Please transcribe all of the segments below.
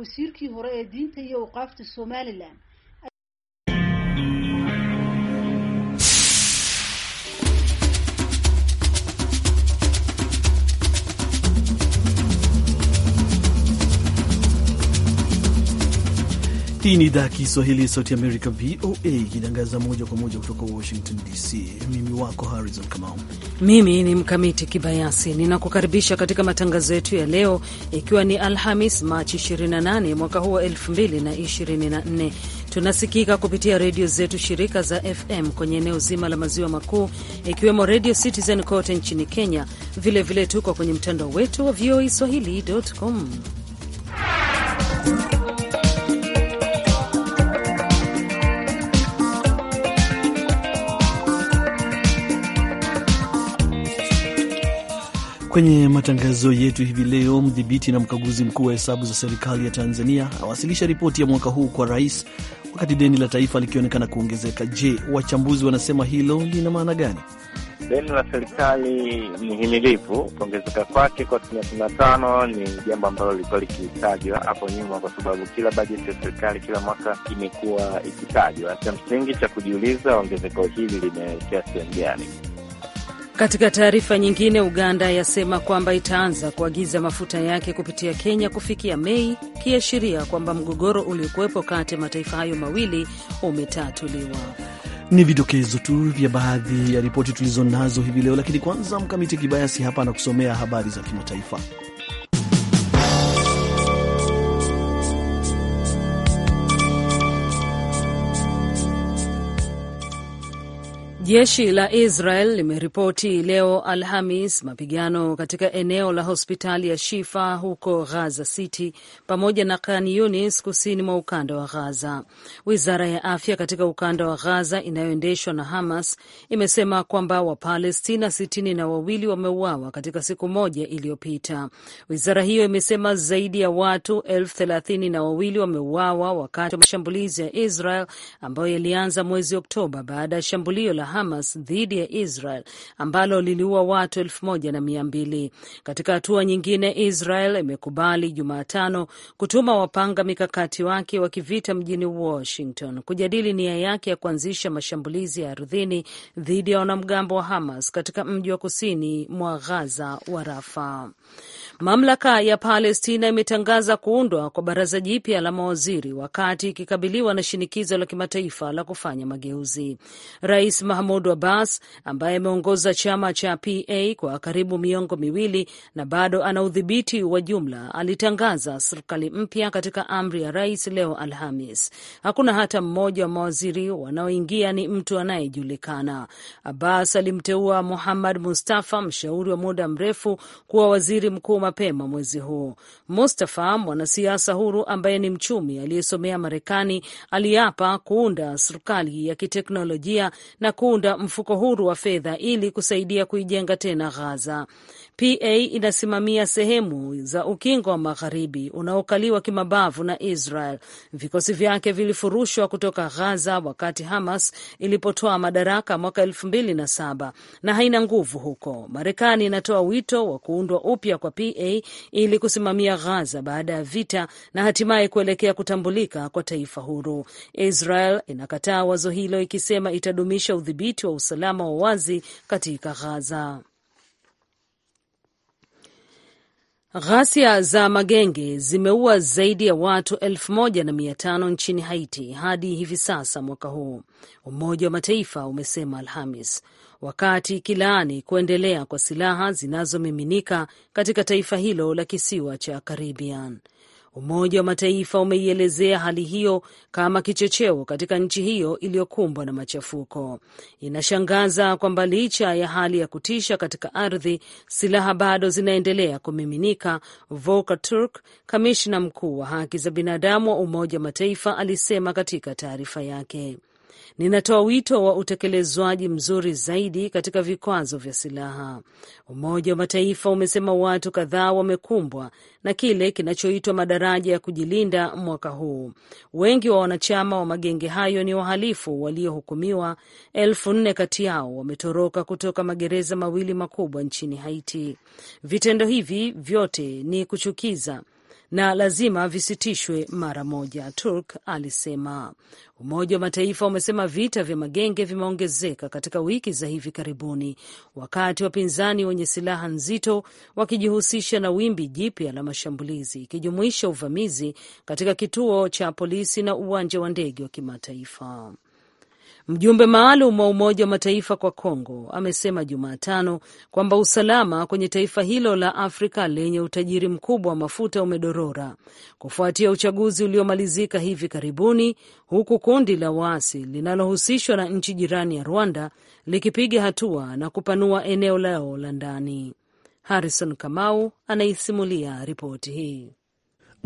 wasiirkii hore ee diinta iyo awqaafta somalilan Hii ni idhaa ya Kiswahili ya Sauti Amerika, VOA, ikitangaza moja kwa moja kutoka Washington DC. Mimi wako Harrison Kamau, mimi ni Mkamiti Kibayasi, ninakukaribisha katika matangazo yetu ya leo, ikiwa ni Alhamis Machi 28 mwaka huu wa 2024. Tunasikika kupitia redio zetu shirika za FM kwenye eneo zima la maziwa makuu, ikiwemo redio Citizen kote nchini Kenya. Vilevile vile tuko kwenye mtandao wetu wa voa swahili.com. Kwenye matangazo yetu hivi leo, mdhibiti na mkaguzi mkuu wa hesabu za serikali ya Tanzania awasilisha ripoti ya mwaka huu kwa rais, wakati deni la taifa likionekana kuongezeka. Je, wachambuzi wanasema hilo lina maana gani? Deni la serikali ni himilivu. Kuongezeka kwake kwa asilimia kumi na tano ni jambo ambalo lilikuwa likitajwa hapo nyuma, kwa sababu kila bajeti ya serikali kila mwaka imekuwa ikitajwa. Cha msingi cha kujiuliza, ongezeko hili limeelekea sehemu gani? Katika taarifa nyingine, Uganda yasema kwamba itaanza kuagiza mafuta yake kupitia Kenya kufikia Mei, kiashiria kwamba mgogoro uliokuwepo kati ya mataifa hayo mawili umetatuliwa. Ni vidokezo tu vya baadhi ya ripoti tulizo nazo hivi leo, lakini kwanza Mkamiti Kibayasi hapa anakusomea habari za kimataifa. Jeshi la Israel limeripoti leo Alhamis mapigano katika eneo la hospitali ya Shifa huko Gaza City pamoja na Khan Yunis kusini mwa ukanda wa Gaza. Wizara ya afya katika ukanda wa Gaza inayoendeshwa na Hamas imesema kwamba Wapalestina sitini na wawili wameuawa katika siku moja iliyopita. Wizara hiyo imesema zaidi ya watu elfu thelathini na wawili wameuawa wakati wa mashambulizi ya Israel ambayo yalianza mwezi Oktoba baada ya shambulio la Hamas dhidi ya Israel ambalo liliua watu elfu moja na mia mbili. Katika hatua nyingine, Israel imekubali Jumatano kutuma wapanga mikakati wake wa kivita mjini Washington kujadili nia yake ya kuanzisha mashambulizi ya ardhini dhidi ya wanamgambo wa Hamas katika mji wa kusini mwa Gaza wa Rafa. Mamlaka ya Palestina imetangaza kuundwa kwa baraza jipya la mawaziri wakati ikikabiliwa na shinikizo la kimataifa la kufanya mageuzi. Rais Mahmoud Mahmud Abbas ambaye ameongoza chama cha PA kwa karibu miongo miwili na bado ana udhibiti wa jumla, alitangaza serikali mpya katika amri ya rais leo Alhamis. Hakuna hata mmoja wa mawaziri wanaoingia ni mtu anayejulikana. Abbas alimteua Muhammad Mustafa, mshauri wa muda mrefu, kuwa waziri mkuu mapema mwezi huu. Mustafa, mwanasiasa huru ambaye ni mchumi aliyesomea Marekani, aliapa kuunda serikali ya kiteknolojia na kuunda kuunda mfuko huru wa fedha ili kusaidia kuijenga tena Gaza. PA inasimamia sehemu za ukingo wa magharibi unaokaliwa kimabavu na Israel. Vikosi vyake vilifurushwa kutoka Gaza wakati Hamas ilipotoa madaraka mwaka elfu mbili na saba na haina nguvu huko. Marekani inatoa wito wa kuundwa upya kwa PA ili kusimamia Gaza baada ya vita na hatimaye kuelekea kutambulika kwa taifa huru. Israel inakataa wazo hilo ikisema itadumisha udhibiti udhibiti wa usalama wa wazi katika ghaza Ghasia za magenge zimeua zaidi ya watu elfu moja na mia tano nchini Haiti hadi hivi sasa mwaka huu, Umoja wa Mataifa umesema Alhamis, wakati kilaani kuendelea kwa silaha zinazomiminika katika taifa hilo la kisiwa cha Caribbean. Umoja wa Mataifa umeielezea hali hiyo kama kichocheo katika nchi hiyo iliyokumbwa na machafuko. Inashangaza kwamba licha ya hali ya kutisha katika ardhi, silaha bado zinaendelea kumiminika, Volker Turk, kamishna mkuu wa haki za binadamu wa Umoja wa Mataifa, alisema katika taarifa yake. Ninatoa wito wa utekelezwaji mzuri zaidi katika vikwazo vya silaha. Umoja wa Mataifa umesema watu kadhaa wamekumbwa na kile kinachoitwa madaraja ya kujilinda mwaka huu. Wengi wa wanachama wa magenge hayo ni wahalifu waliohukumiwa. Elfu nne kati yao wametoroka kutoka magereza mawili makubwa nchini Haiti. Vitendo hivi vyote ni kuchukiza na lazima visitishwe mara moja, Turk alisema. Umoja wa Mataifa umesema vita vya magenge vimeongezeka katika wiki za hivi karibuni, wakati wapinzani wenye silaha nzito wakijihusisha na wimbi jipya la mashambulizi, ikijumuisha uvamizi katika kituo cha polisi na uwanja wa ndege wa kimataifa. Mjumbe maalum wa Umoja wa Mataifa kwa Kongo amesema Jumatano kwamba usalama kwenye taifa hilo la Afrika lenye utajiri mkubwa wa mafuta umedorora kufuatia uchaguzi uliomalizika hivi karibuni, huku kundi la waasi linalohusishwa na nchi jirani ya Rwanda likipiga hatua na kupanua eneo lao la ndani. Harrison Kamau anaisimulia ripoti hii.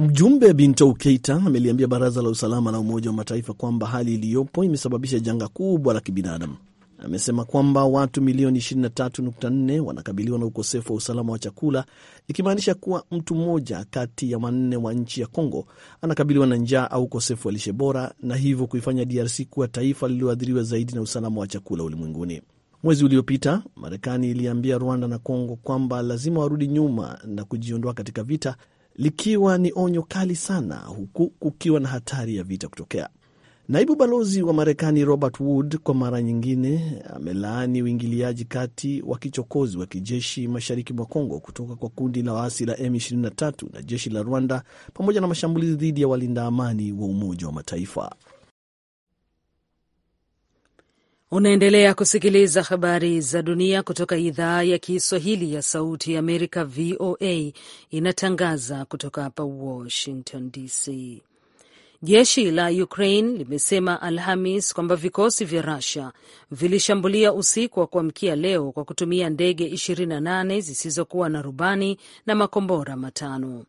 Mjumbe Bintou Keita ameliambia baraza la usalama la Umoja wa Mataifa kwamba hali iliyopo imesababisha janga kubwa la kibinadamu. Amesema kwamba watu milioni 23.4 wanakabiliwa na ukosefu wa usalama wa chakula, ikimaanisha kuwa mtu mmoja kati ya wanne wa nchi ya Kongo anakabiliwa na njaa au ukosefu wa lishe bora, na hivyo kuifanya DRC kuwa taifa lililoathiriwa zaidi na usalama wa chakula ulimwenguni. Mwezi uliopita Marekani iliambia Rwanda na Kongo kwamba lazima warudi nyuma na kujiondoa katika vita likiwa ni onyo kali sana, huku kukiwa na hatari ya vita kutokea. Naibu balozi wa Marekani Robert Wood kwa mara nyingine amelaani uingiliaji kati wa kichokozi wa kijeshi mashariki mwa Kongo kutoka kwa kundi la waasi la M23 na jeshi la Rwanda pamoja na mashambulizi dhidi ya walinda amani wa Umoja wa Mataifa. Unaendelea kusikiliza habari za dunia kutoka idhaa ya Kiswahili ya Sauti ya Amerika, VOA, inatangaza kutoka hapa Washington DC. Jeshi la Ukraine limesema Alhamis kwamba vikosi vya Rusia vilishambulia usiku wa kuamkia leo kwa kutumia ndege 28 zisizokuwa na rubani na makombora matano.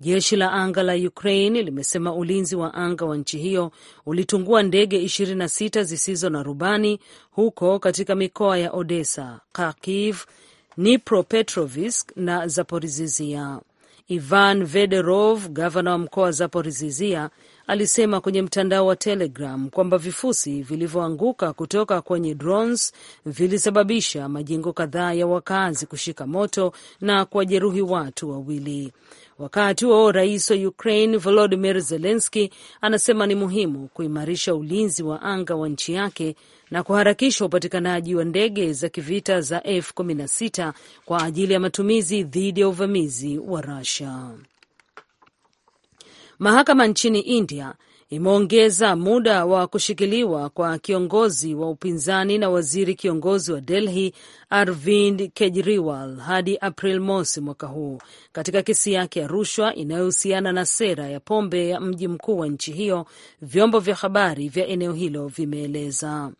Jeshi la anga la Ukraine limesema ulinzi wa anga wa nchi hiyo ulitungua ndege 26 zisizo na rubani huko katika mikoa ya Odessa, Kharkiv, Dnipropetrovsk na Zaporizhzhia. Ivan Vederov, gavana wa mkoa wa Zaporizhzhia, alisema kwenye mtandao wa Telegram kwamba vifusi vilivyoanguka kutoka kwenye drones vilisababisha majengo kadhaa ya wakazi kushika moto na kuwajeruhi watu wawili. Wakati huo rais wa Ukraine volodimir zelenski anasema ni muhimu kuimarisha ulinzi wa anga wa nchi yake na kuharakisha upatikanaji wa ndege za kivita za F-16 kwa ajili ya matumizi dhidi ya uvamizi wa rusia Mahakama nchini India imeongeza muda wa kushikiliwa kwa kiongozi wa upinzani na waziri kiongozi wa Delhi Arvind Kejriwal hadi April mosi mwaka huu katika kesi yake ya rushwa inayohusiana na sera ya pombe ya mji mkuu wa nchi hiyo, vyombo vya habari vya eneo hilo vimeeleza.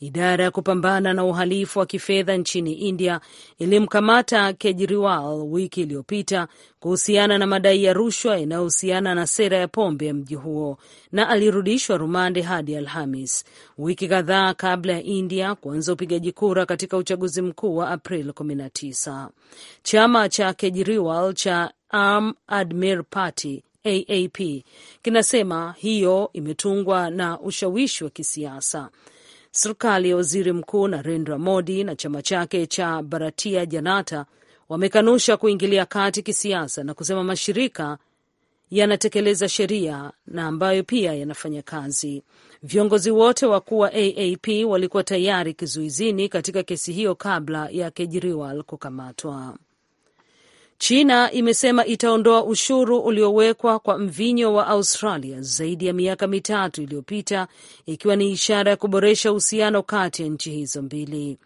Idara ya kupambana na uhalifu wa kifedha nchini India ilimkamata Kejriwal wiki iliyopita kuhusiana na madai ya rushwa yanayohusiana na sera ya pombe ya mji huo na alirudishwa rumande hadi Alhamis, wiki kadhaa kabla ya India kuanza upigaji kura katika uchaguzi mkuu wa april 19. Chama cha Kejriwal cha Aam Admir Party AAP kinasema hiyo imetungwa na ushawishi wa kisiasa. Serikali ya waziri mkuu Narendra Modi na chama chake cha Bharatiya Janata wamekanusha kuingilia kati kisiasa na kusema mashirika yanatekeleza sheria na ambayo pia yanafanya kazi. Viongozi wote wakuu wa AAP walikuwa tayari kizuizini katika kesi hiyo kabla ya Kejriwal kukamatwa. China imesema itaondoa ushuru uliowekwa kwa mvinyo wa Australia zaidi ya miaka mitatu iliyopita, ikiwa ni ishara ya kuboresha uhusiano kati ya nchi hizo mbili.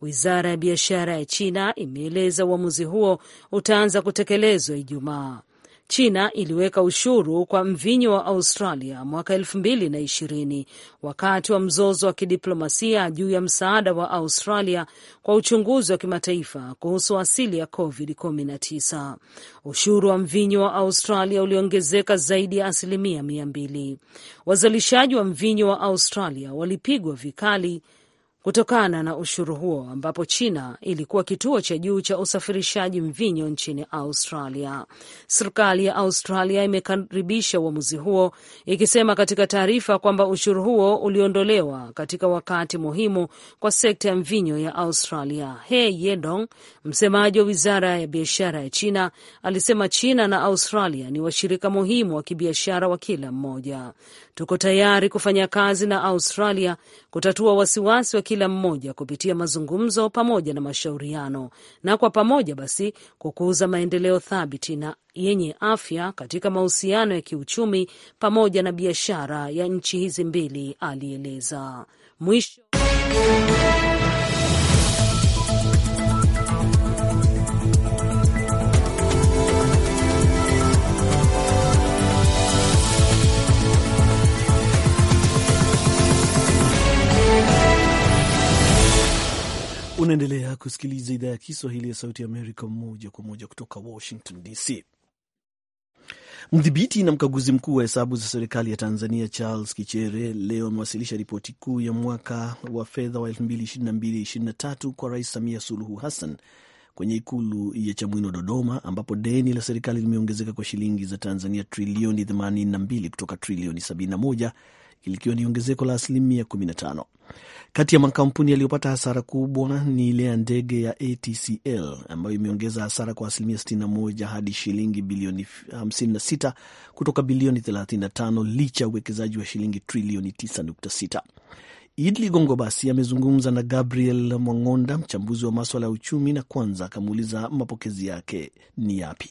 Wizara ya biashara ya China imeeleza uamuzi huo utaanza kutekelezwa Ijumaa. China iliweka ushuru kwa mvinyo wa Australia mwaka elfu mbili na ishirini wakati wa mzozo wa kidiplomasia juu ya msaada wa Australia kwa uchunguzi wa kimataifa kuhusu asili ya COVID-19. Ushuru wa mvinyo wa Australia uliongezeka zaidi ya asilimia mia mbili. Wazalishaji wa mvinyo wa Australia walipigwa vikali kutokana na ushuru huo, ambapo China ilikuwa kituo cha juu cha usafirishaji mvinyo nchini Australia. Serikali ya Australia imekaribisha uamuzi huo, ikisema katika taarifa kwamba ushuru huo uliondolewa katika wakati muhimu kwa sekta ya mvinyo ya Australia. He Yedong, msemaji wa wizara ya biashara ya China, alisema China na Australia ni washirika muhimu wa kibiashara wa kila mmoja. Tuko tayari kufanya kazi na Australia kutatua wasiwasi wa kila mmoja kupitia mazungumzo pamoja na mashauriano, na kwa pamoja basi kukuza maendeleo thabiti na yenye afya katika mahusiano ya kiuchumi pamoja na biashara ya nchi hizi mbili, alieleza. Mwisho Unaendelea kusikiliza idhaa ya Kiswahili ya Sauti ya Amerika moja kwa moja kutoka Washington DC. Mdhibiti na mkaguzi mkuu wa hesabu za serikali ya Tanzania Charles Kichere leo amewasilisha ripoti kuu ya mwaka wa fedha wa 2022/2023 kwa Rais Samia Suluhu Hassan kwenye Ikulu ya Chamwino, Dodoma, ambapo deni la serikali limeongezeka kwa shilingi za Tanzania trilioni 82 kutoka trilioni likiwa ni ongezeko la asilimia 15. Kati ya makampuni yaliyopata hasara kubwa ni ile ya ndege ya ATCL ambayo imeongeza hasara kwa asilimia 61 hadi shilingi bilioni 56 kutoka bilioni 35 licha ya uwekezaji wa shilingi trilioni 9.6. Idli Gongo basi amezungumza na Gabriel Mwang'onda, mchambuzi wa maswala ya uchumi, na kwanza akamuuliza mapokezi yake ni yapi.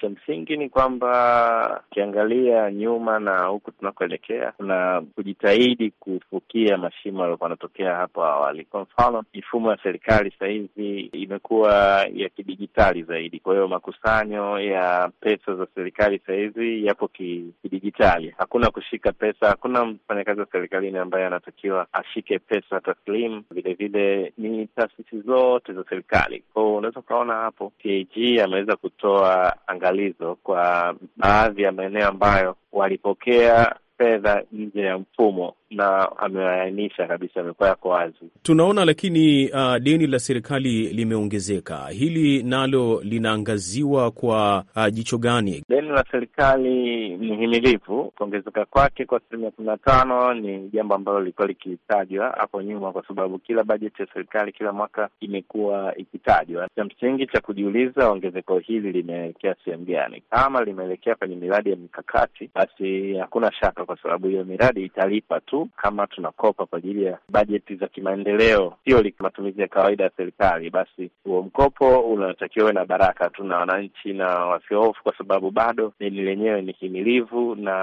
Cha msingi ni kwamba ukiangalia nyuma na huku tunakoelekea, kuna kujitahidi kufukia mashimo yaliokuwa anatokea hapo awali. Kwa mfano, mifumo ya serikali sasa hivi imekuwa ya kidijitali zaidi, kwa hiyo makusanyo ya pesa za serikali sasa hivi yapo kidijitali. Hakuna kushika pesa, hakuna mfanyakazi wa serikalini ambaye anatakiwa ashike pesa taslimu. Vilevile ni taasisi zote za serikali, kwao, unaweza ukaona hapo CAG ameweza kutoa maangalizo kwa baadhi ya maeneo ambayo walipokea fedha nje ya mfumo na ameainisha kabisa, amekuwa yako wazi. Tunaona lakini uh, deni la serikali limeongezeka, hili nalo linaangaziwa kwa uh, jicho gani? Deni la serikali ni himilivu, kuongezeka kwake kwa asilimia kumi na tano ni jambo ambalo lilikuwa likitajwa hapo nyuma, kwa sababu kila bajeti ya serikali kila mwaka imekuwa ikitajwa. Cha msingi cha kujiuliza, ongezeko hili limeelekea sehemu gani? Kama limeelekea kwenye miradi ya mikakati, basi hakuna shaka, kwa sababu hiyo miradi italipa tu tu kama tunakopa kwa ajili ya bajeti za kimaendeleo, sio matumizi ya kawaida ya serikali, basi huo mkopo unatakiwa uwe na baraka tu na wananchi na wasiohofu, kwa sababu bado deni lenyewe ni himilivu, na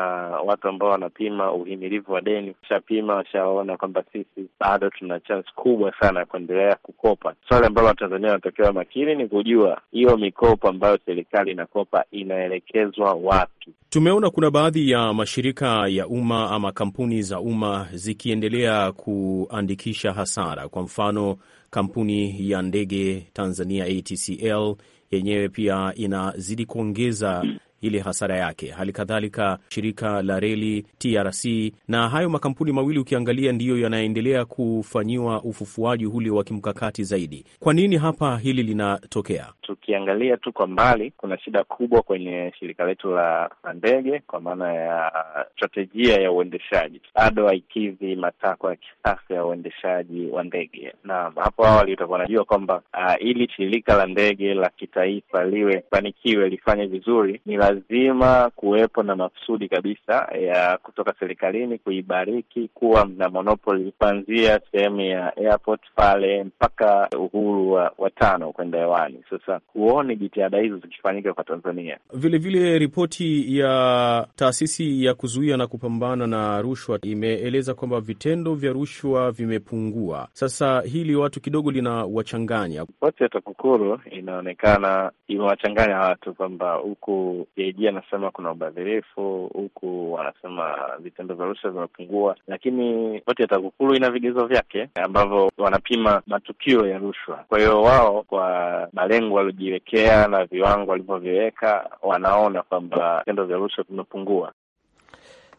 watu ambao wanapima uhimilivu wa deni washapima washaona kwamba sisi bado tuna chance kubwa sana ya kuendelea kukopa. Swali ambalo Watanzania wanatakiwa makini ni kujua hiyo mikopo ambayo serikali inakopa inaelekezwa wapi. Tumeona kuna baadhi ya mashirika ya umma ama kampuni za umma kama zikiendelea kuandikisha hasara. Kwa mfano, kampuni ya ndege Tanzania ATCL yenyewe pia inazidi kuongeza ile hasara yake. Hali kadhalika shirika la reli TRC na hayo makampuni mawili ukiangalia, ndiyo yanaendelea kufanyiwa ufufuaji ule wa kimkakati zaidi. Kwa nini hapa hili linatokea? Tukiangalia tu kwa mbali, kuna shida kubwa kwenye shirika letu la ndege, kwa maana ya strategia ya uendeshaji bado haikidhi matakwa ya kisasa ya uendeshaji wa ndege, na hapo awali utakuwa najua kwamba uh, ili shirika la ndege la kitaifa liwe fanikiwe lifanye vizuri ni lazima kuwepo na maksudi kabisa eh, ya kutoka serikalini kuibariki kuwa na monopoli kuanzia sehemu ya airport pale mpaka uhuru wa, wa tano kwenda hewani. Sasa huoni jitihada hizo zikifanyika kwa Tanzania? Vilevile ripoti ya taasisi ya kuzuia na kupambana na rushwa imeeleza kwamba vitendo vya rushwa vimepungua. Sasa hili watu kidogo linawachanganya. Ripoti ya TAKUKURU inaonekana imewachanganya watu kwamba huku CAG anasema kuna ubadhirifu huku, wanasema vitendo vya rushwa vimepungua, lakini ripoti ya TAKUKURU ina vigezo vyake ambavyo wanapima matukio ya rushwa. Kwa hiyo wao kwa malengo waliojiwekea na viwango walivyoviweka, wanaona kwamba vitendo vya rushwa vimepungua.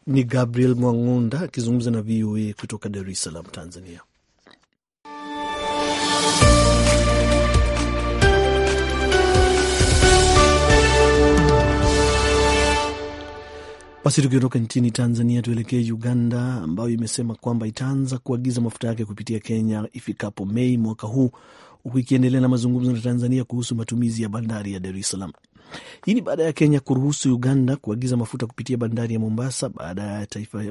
Ni Gabriel Mwang'unda akizungumza na VOA kutoka Dar es Salaam, Tanzania. Basi tukiondoka nchini Tanzania tuelekee Uganda, ambayo imesema kwamba itaanza kuagiza mafuta yake kupitia Kenya ifikapo Mei mwaka huu, huku ikiendelea na mazungumzo na Tanzania kuhusu matumizi ya bandari ya Dar es Salaam. Hii ni baada ya Kenya kuruhusu Uganda kuagiza mafuta kupitia bandari ya Mombasa baada ya taifa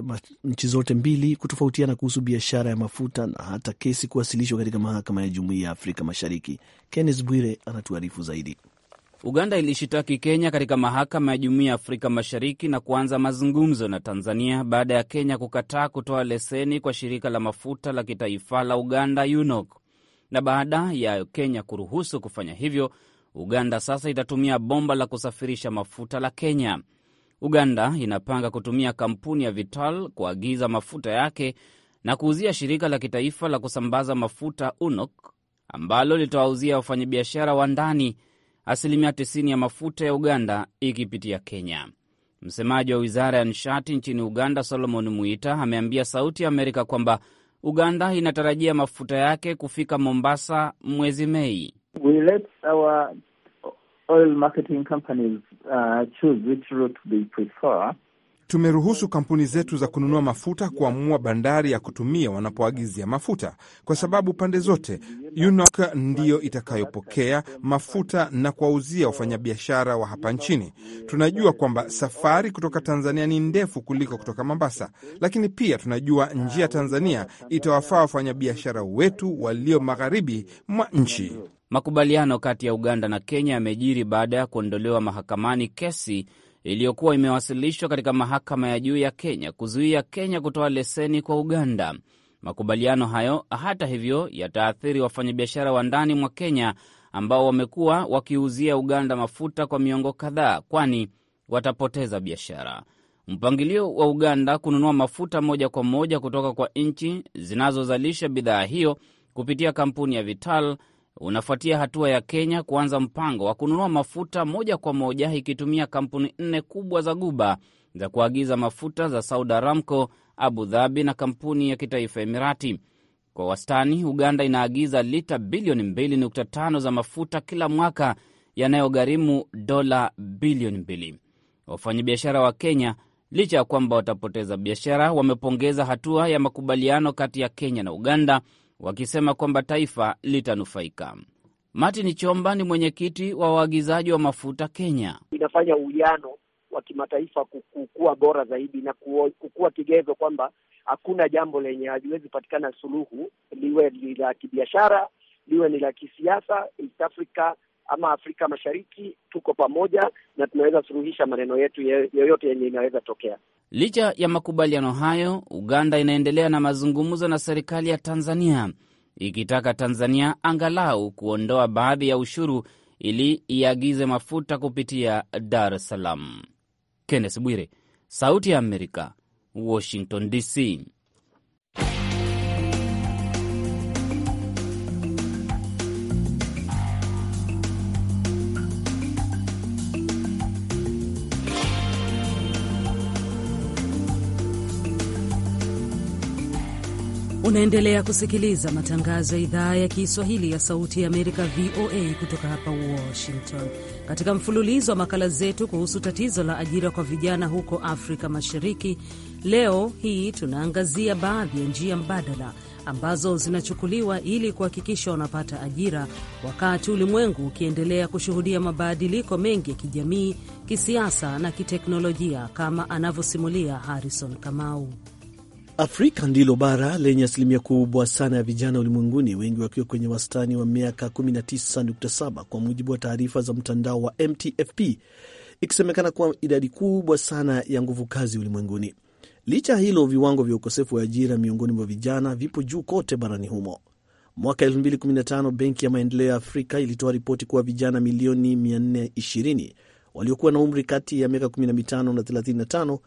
nchi zote mbili kutofautiana kuhusu biashara ya mafuta na hata kesi kuwasilishwa katika mahakama ya Jumuiya ya Afrika Mashariki. Kenneth Bwire anatuarifu zaidi. Uganda ilishitaki Kenya katika mahakama ya Jumuiya ya Afrika Mashariki na kuanza mazungumzo na Tanzania baada ya Kenya kukataa kutoa leseni kwa shirika la mafuta la kitaifa la Uganda UNOC. Na baada ya Kenya kuruhusu kufanya hivyo, Uganda sasa itatumia bomba la kusafirisha mafuta la Kenya. Uganda inapanga kutumia kampuni ya Vital kuagiza mafuta yake na kuuzia shirika la kitaifa la kusambaza mafuta UNOC ambalo litawauzia wafanyabiashara wa ndani asilimia 90 ya mafuta ya Uganda ikipitia Kenya. Msemaji wa wizara ya nishati nchini Uganda, Solomon Muita, ameambia Sauti ya Amerika kwamba Uganda inatarajia mafuta yake kufika Mombasa mwezi Mei. We let our oil marketing companies, uh, choose which route they prefer. Tumeruhusu kampuni zetu za kununua mafuta kuamua bandari ya kutumia wanapoagizia mafuta, kwa sababu pande zote UNOC ndiyo itakayopokea mafuta na kuwauzia wafanyabiashara wa hapa nchini. Tunajua kwamba safari kutoka Tanzania ni ndefu kuliko kutoka Mombasa, lakini pia tunajua njia Tanzania itawafaa wafanyabiashara wetu walio magharibi mwa nchi. Makubaliano kati ya Uganda na Kenya yamejiri baada ya kuondolewa mahakamani kesi iliyokuwa imewasilishwa katika mahakama ya juu ya Kenya kuzuia Kenya kutoa leseni kwa Uganda. Makubaliano hayo hata hivyo yataathiri wafanyabiashara wa ndani mwa Kenya ambao wamekuwa wakiuzia Uganda mafuta kwa miongo kadhaa, kwani watapoteza biashara. Mpangilio wa Uganda kununua mafuta moja kwa moja kutoka kwa nchi zinazozalisha bidhaa hiyo kupitia kampuni ya Vital unafuatia hatua ya Kenya kuanza mpango wa kununua mafuta moja kwa moja ikitumia kampuni nne kubwa za Guba za kuagiza mafuta za Saudi Aramco, Abu Dhabi na kampuni ya kitaifa Emirati. Kwa wastani, Uganda inaagiza lita bilioni 2.5 za mafuta kila mwaka yanayogharimu dola bilioni 2. Wafanyabiashara wa Kenya, licha ya kwamba watapoteza biashara, wamepongeza hatua ya makubaliano kati ya Kenya na Uganda wakisema kwamba taifa litanufaika. Martin Chomba ni mwenyekiti wa waagizaji wa mafuta Kenya. inafanya uwiano wa kimataifa kukuwa bora zaidi na kukuwa kigezo kwamba hakuna jambo lenye haliwezi patikana suluhu, liwe ni la kibiashara, liwe ni la kisiasa. East Africa ama Afrika Mashariki tuko pamoja na tunaweza suluhisha maneno yetu yoyote yenye inaweza tokea. Licha ya makubaliano hayo, Uganda inaendelea na mazungumzo na serikali ya Tanzania ikitaka Tanzania angalau kuondoa baadhi ya ushuru ili iagize mafuta kupitia Dar es Salaam. Kenneth Bwire, Sauti ya Amerika, Washington DC. Unaendelea kusikiliza matangazo ya idhaa ya Kiswahili ya Sauti ya Amerika, VOA, kutoka hapa Washington. Katika mfululizo wa makala zetu kuhusu tatizo la ajira kwa vijana huko Afrika Mashariki, leo hii tunaangazia baadhi ya njia mbadala ambazo zinachukuliwa ili kuhakikisha wanapata ajira, wakati ulimwengu ukiendelea kushuhudia mabadiliko mengi ya kijamii, kisiasa na kiteknolojia, kama anavyosimulia Harrison Kamau. Afrika ndilo bara lenye asilimia kubwa sana ya vijana ulimwenguni, wengi wakiwa kwenye wastani wa miaka 19.7 kwa mujibu wa taarifa za mtandao wa MTFP, ikisemekana kuwa idadi kubwa sana ya nguvu kazi ulimwenguni. Licha ya hilo, viwango vya ukosefu wa ajira miongoni mwa vijana vipo juu kote barani humo. Mwaka 2015 Benki ya Maendeleo ya Afrika ilitoa ripoti kuwa vijana milioni 420 waliokuwa na umri kati ya miaka 15 na 35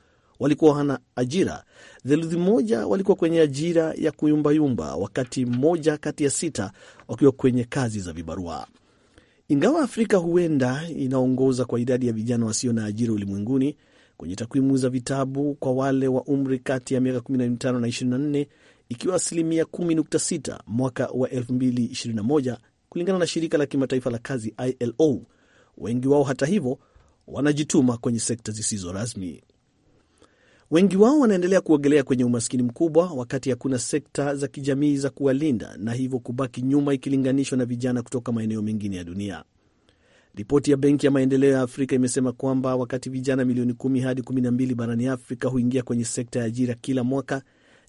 walikuwa hana ajira, theluthi moja walikuwa kwenye ajira ya kuyumbayumba, wakati mmoja kati ya sita wakiwa kwenye kazi za vibarua. Ingawa Afrika huenda inaongoza kwa idadi ya vijana wasio na ajira ulimwenguni, kwenye takwimu za vitabu kwa wale wa umri kati ya miaka 15 na 24, ikiwa asilimia 10.6 mwaka wa 2021 kulingana na shirika la kimataifa la kazi ILO. Wengi wao hata hivyo wanajituma kwenye sekta zisizo rasmi. Wengi wao wanaendelea kuogelea kwenye umaskini mkubwa, wakati hakuna sekta za kijamii za kuwalinda na hivyo kubaki nyuma ikilinganishwa na vijana kutoka maeneo mengine ya dunia. Ripoti ya Benki ya Maendeleo ya Afrika imesema kwamba wakati vijana milioni kumi hadi 12 barani Afrika huingia kwenye sekta ya ajira kila mwaka,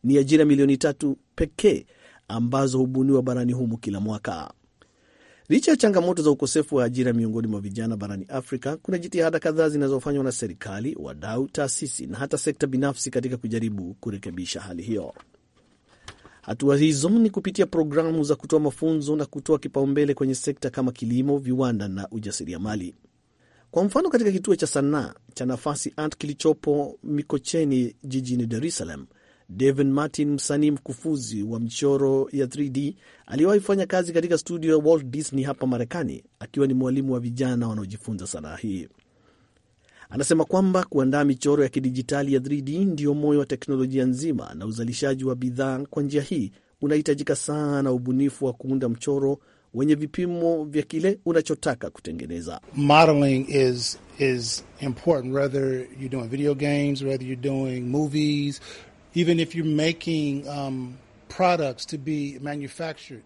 ni ajira milioni tatu pekee ambazo hubuniwa barani humo kila mwaka. Licha ya changamoto za ukosefu wa ajira miongoni mwa vijana barani Afrika, kuna jitihada kadhaa zinazofanywa na serikali, wadau, taasisi na hata sekta binafsi katika kujaribu kurekebisha hali hiyo. Hatua hizo ni kupitia programu za kutoa mafunzo na kutoa kipaumbele kwenye sekta kama kilimo, viwanda na ujasiriamali. Kwa mfano, katika kituo cha sanaa cha Nafasi Art kilichopo Mikocheni jijini Dar es Salaam, Devin Martin, msanii mkufuzi wa michoro ya 3D, aliyewahi fanya kazi katika studio ya Walt Disney hapa Marekani, akiwa ni mwalimu wa vijana wanaojifunza sanaa hii. Anasema kwamba kuandaa michoro ya kidijitali ya 3D ndiyo moyo wa teknolojia nzima, na uzalishaji wa bidhaa kwa njia hii unahitajika sana ubunifu wa kuunda mchoro wenye vipimo vya kile unachotaka kutengeneza. Modeling is is important whether you're doing video games, whether you're doing movies, even if you're making um, products to be manufactured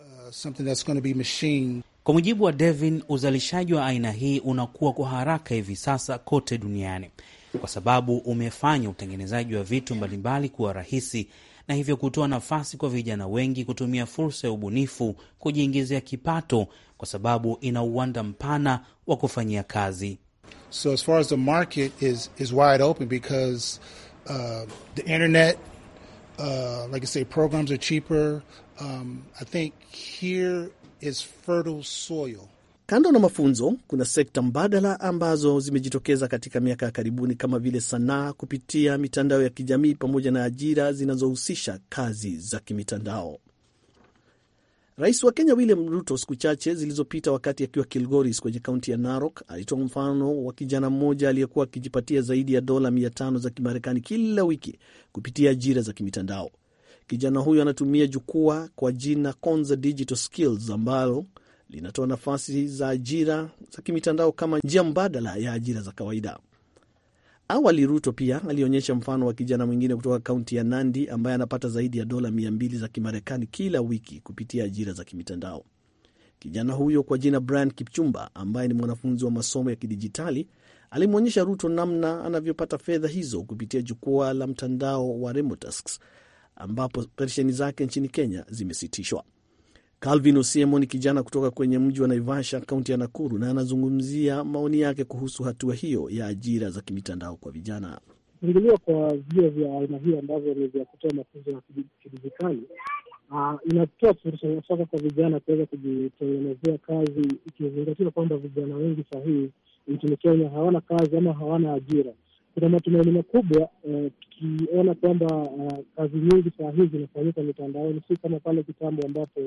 uh, something that's going to be machined. Kwa mujibu wa Devin, uzalishaji wa aina hii unakuwa kwa haraka hivi sasa kote duniani kwa sababu umefanya utengenezaji wa vitu mbalimbali kuwa rahisi na hivyo kutoa nafasi kwa vijana wengi kutumia fursa ya ubunifu kujiingizia kipato, kwa sababu ina uwanda mpana wa kufanyia kazi. So as far as the market is, is wide open because Uh, the internet. Uh, like I say, programs are cheaper. Um, I think here is fertile soil. Kando na mafunzo, kuna sekta mbadala ambazo zimejitokeza katika miaka ya karibuni kama vile sanaa kupitia mitandao ya kijamii pamoja na ajira zinazohusisha kazi za kimitandao. Rais wa Kenya William Ruto siku chache zilizopita, wakati akiwa Kilgoris kwenye kaunti ya Narok, alitoa mfano wa kijana mmoja aliyekuwa akijipatia zaidi ya dola mia tano za Kimarekani kila wiki kupitia ajira za kimitandao. Kijana huyo anatumia jukwaa kwa jina Konza Digital Skills ambalo linatoa nafasi za ajira za kimitandao kama njia mbadala ya ajira za kawaida. Awali Ruto pia alionyesha mfano wa kijana mwingine kutoka kaunti ya Nandi ambaye anapata zaidi ya dola mia mbili za Kimarekani kila wiki kupitia ajira za kimitandao. Kijana huyo kwa jina Brian Kipchumba, ambaye ni mwanafunzi wa masomo ya kidijitali, alimwonyesha Ruto namna anavyopata fedha hizo kupitia jukwaa la mtandao wa Remotasks, ambapo operesheni zake nchini Kenya zimesitishwa. Calvin Osiemo ni kijana kutoka kwenye mji wa Naivasha, kaunti ya Nakuru, na anazungumzia maoni yake kuhusu hatua hiyo ya ajira za kimitandao kwa vijana. Kufunguliwa kwa vio vya aina hiyo ambavyo ni vya kutoa mafunzo ya kidijitali ah, inatoa fursa nafaka kwa vijana kuweza kujitengenezea kazi, ikizingatiwa kwamba vijana wengi sahihi nchini Kenya hawana kazi ama hawana ajira. Kuna matumaini makubwa eh, tukiona kwamba ah, kazi nyingi saa hii zinafanyika mitandaoni, si kama pale kitambo ambapo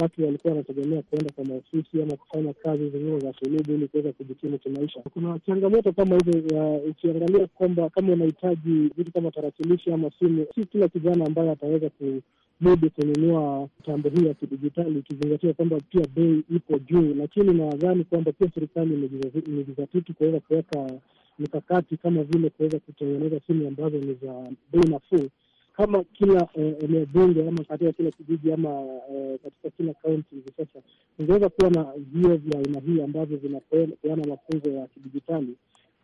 watu walikuwa wanategemea kuenda kwa maofisi ama kufanya kazi zingine za sulubu ili kuweza kujikimu kimaisha. Kuna changamoto kama hizo, ukiangalia kwamba kama unahitaji vitu kama tarakilishi ama simu, si kila kijana ambaye ataweza mudi kununua mitambo hii ya kidijitali, ikizingatia kwamba pia bei ipo juu, lakini nadhani kwamba pia serikali imejizatiti kuweza kuweka mikakati kama vile kuweza kutengeneza simu ambazo ni za bei nafuu kama kila eh, eneo bunge ama katika kila kijiji ama eh, katika kila kaunti hivi sasa ingeweza kuwa na vio vya aina hii ambavyo vinapeana mafunzo ya kidijitali,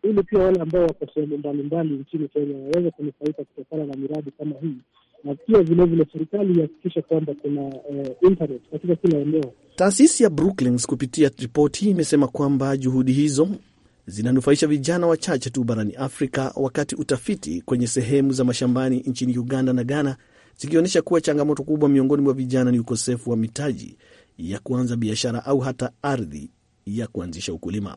ili pia wale ambao wako sehemu mbalimbali nchini Kenya waweze kunufaika kutokana na miradi kama hii, na pia vilevile serikali ihakikishe kwamba kuna eh, internet katika kila eneo. Taasisi ya Brookings kupitia ripoti hii imesema kwamba juhudi hizo zinanufaisha vijana wachache tu barani Afrika, wakati utafiti kwenye sehemu za mashambani nchini Uganda na Ghana zikionyesha kuwa changamoto kubwa miongoni mwa vijana ni ukosefu wa mitaji ya kuanza biashara au hata ardhi ya kuanzisha ukulima.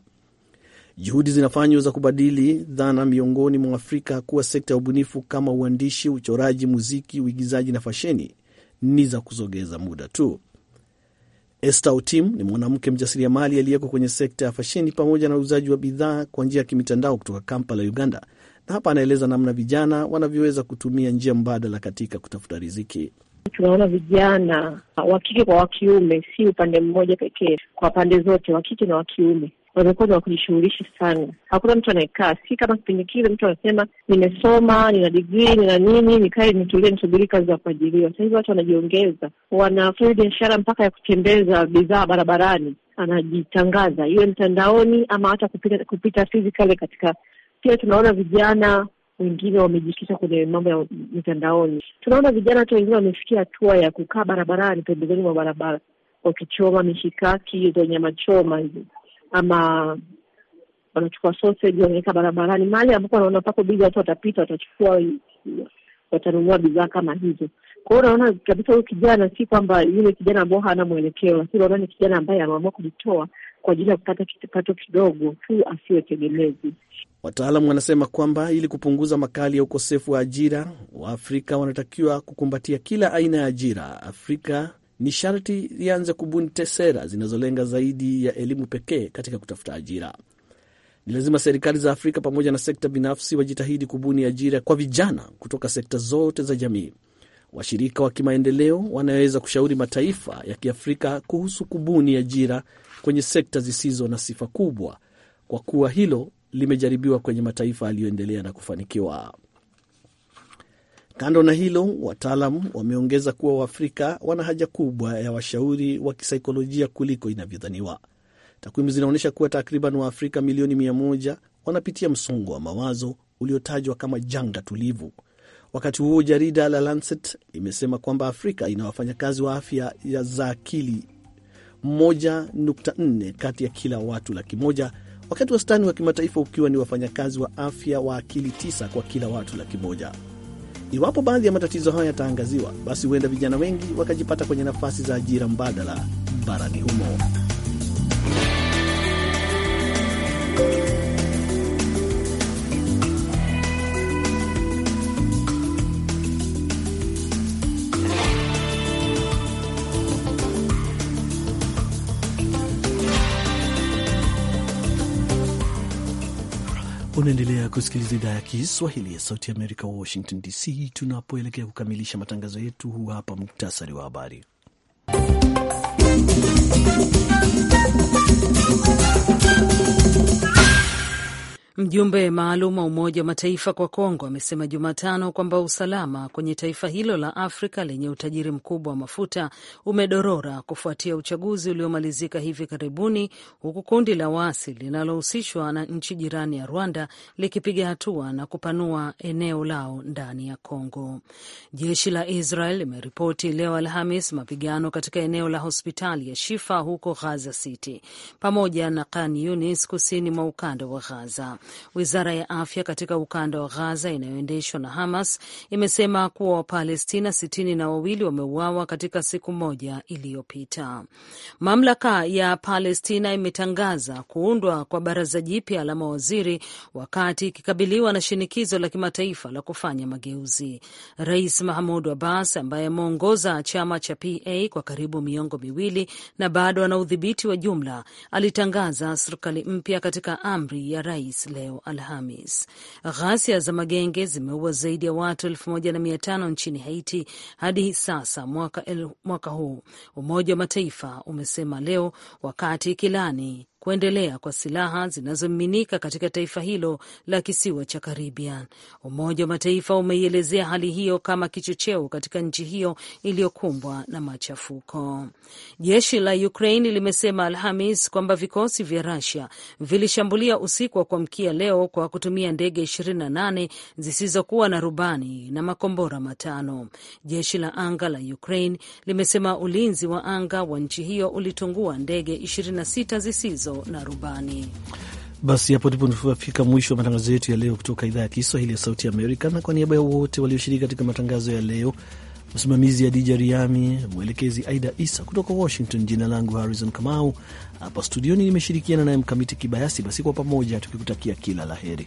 Juhudi zinafanywa za kubadili dhana miongoni mwa Afrika kuwa sekta ya ubunifu kama uandishi, uchoraji, muziki, uigizaji na fasheni ni za kusogeza muda tu. Esther Otim ni mwanamke mjasiriamali aliyeko kwenye sekta ya fasheni pamoja na uuzaji wa bidhaa kwa njia ya kimitandao kutoka Kampala, Uganda, na hapa anaeleza namna vijana wanavyoweza kutumia njia mbadala katika kutafuta riziki. Tunaona vijana wa kike kwa wa kiume, si upande mmoja pekee, kwa pande zote, wa kike na wa kiume, wamekuwa ni wakujishughulisha sana. Hakuna mtu anayekaa, si kama kipindi kile mtu anasema nimesoma, nina digrii, nina nini, nikae nitulie, nisubiri kazi za kuajiriwa. Sahizi watu wanajiongeza, wanafanya biashara mpaka ya kutembeza bidhaa barabarani, anajitangaza iwe mtandaoni ama hata kupita, kupita fizikali katika. Pia tunaona vijana wengine wamejikita kwenye mambo ya mitandaoni. Tunaona vijana hata wengine wamefikia hatua ya kukaa barabarani, pembezoni mwa barabara, wakichoma mishikaki za nyama choma hizi ama wanachukua sausage wanaweka barabarani, mahali ambapo wanaona pako bizi, watu watapita, watachukua, watanunua bidhaa kama hizo. kwao unaona kabisa huyu kijana si kwamba yule kijana ambao hana mwelekeo, lakini unaona ni kijana ambaye ameamua kujitoa kwa ajili ya kupata kipato kidogo tu, asiwe tegemezi. Wataalamu wanasema kwamba ili kupunguza makali ya ukosefu wa ajira, Waafrika wanatakiwa kukumbatia kila aina ya ajira. Afrika ni sharti ianze kubuni sera zinazolenga zaidi ya elimu pekee katika kutafuta ajira. Ni lazima serikali za Afrika pamoja na sekta binafsi wajitahidi kubuni ajira kwa vijana kutoka sekta zote za jamii. Washirika wa kimaendeleo wanaweza kushauri mataifa ya Kiafrika kuhusu kubuni ajira kwenye sekta zisizo na sifa kubwa, kwa kuwa hilo limejaribiwa kwenye mataifa yaliyoendelea na kufanikiwa. Kando na hilo, wataalam wameongeza kuwa Waafrika wana haja kubwa ya washauri wa kisaikolojia kuliko inavyodhaniwa. Takwimu zinaonyesha kuwa takriban Waafrika milioni mia moja wanapitia msongo wa mawazo uliotajwa kama janga tulivu. Wakati huo jarida la Lancet limesema kwamba Afrika ina wafanyakazi wa afya za akili 1.4 kati ya kila watu laki moja, wakati wastani wa kimataifa ukiwa ni wafanyakazi wa afya wa akili 9 kwa kila watu laki moja. Iwapo baadhi ya matatizo hayo yataangaziwa, basi huenda vijana wengi wakajipata kwenye nafasi za ajira mbadala barani humo. Unaendelea kusikiliza idhaa ya Kiswahili ya Sauti ya Amerika, Washington DC, tunapoelekea kukamilisha matangazo yetu. Huu hapa muktasari wa habari Mjumbe maalum wa Umoja wa Mataifa kwa Kongo amesema Jumatano kwamba usalama kwenye taifa hilo la Afrika lenye utajiri mkubwa wa mafuta umedorora kufuatia uchaguzi uliomalizika hivi karibuni, huku kundi la waasi linalohusishwa na nchi jirani ya Rwanda likipiga hatua na kupanua eneo lao ndani ya Kongo. Jeshi la Israel limeripoti leo Alhamis mapigano katika eneo la hospitali ya Shifa huko ghaza City pamoja na Khan Yunis kusini mwa ukanda wa ghaza Wizara ya afya katika ukanda wa ghaza inayoendeshwa na Hamas imesema kuwa Wapalestina sitini na wawili wameuawa katika siku moja iliyopita. Mamlaka ya Palestina imetangaza kuundwa kwa baraza jipya la mawaziri wakati ikikabiliwa na shinikizo la kimataifa la kufanya mageuzi. Rais Mahmud Abbas ambaye ameongoza chama cha PA kwa karibu miongo miwili na bado ana udhibiti wa jumla, alitangaza serikali mpya katika amri ya rais leo Alhamis. Ghasia za magenge zimeua zaidi ya watu elfu moja na mia tano nchini Haiti hadi sasa mwaka, el, mwaka huu, Umoja wa Mataifa umesema leo, wakati kilani kuendelea kwa silaha zinazomiminika katika taifa hilo la kisiwa cha Caribbean. Umoja wa Mataifa umeielezea hali hiyo kama kichocheo katika nchi hiyo iliyokumbwa na machafuko. Jeshi la Ukraine limesema Alhamis kwamba vikosi vya Rusia vilishambulia usiku wa kuamkia leo kwa kutumia ndege 28 zisizokuwa na rubani na makombora matano. Jeshi la anga la Ukraine limesema ulinzi wa anga wa nchi hiyo ulitungua ndege 26 zisizo na rubani. Basi hapo ndipo tunafika mwisho wa matangazo yetu ya leo kutoka idhaa ya Kiswahili ya Sauti Amerika, na kwa niaba ya wote walioshiriki katika matangazo ya leo, msimamizi Adija Riami, mwelekezi Aida Isa kutoka Washington. Jina langu Harrison Kamau, hapa studioni nimeshirikiana naye Mkamiti Kibayasi. Basi kwa pamoja tukikutakia kila la heri.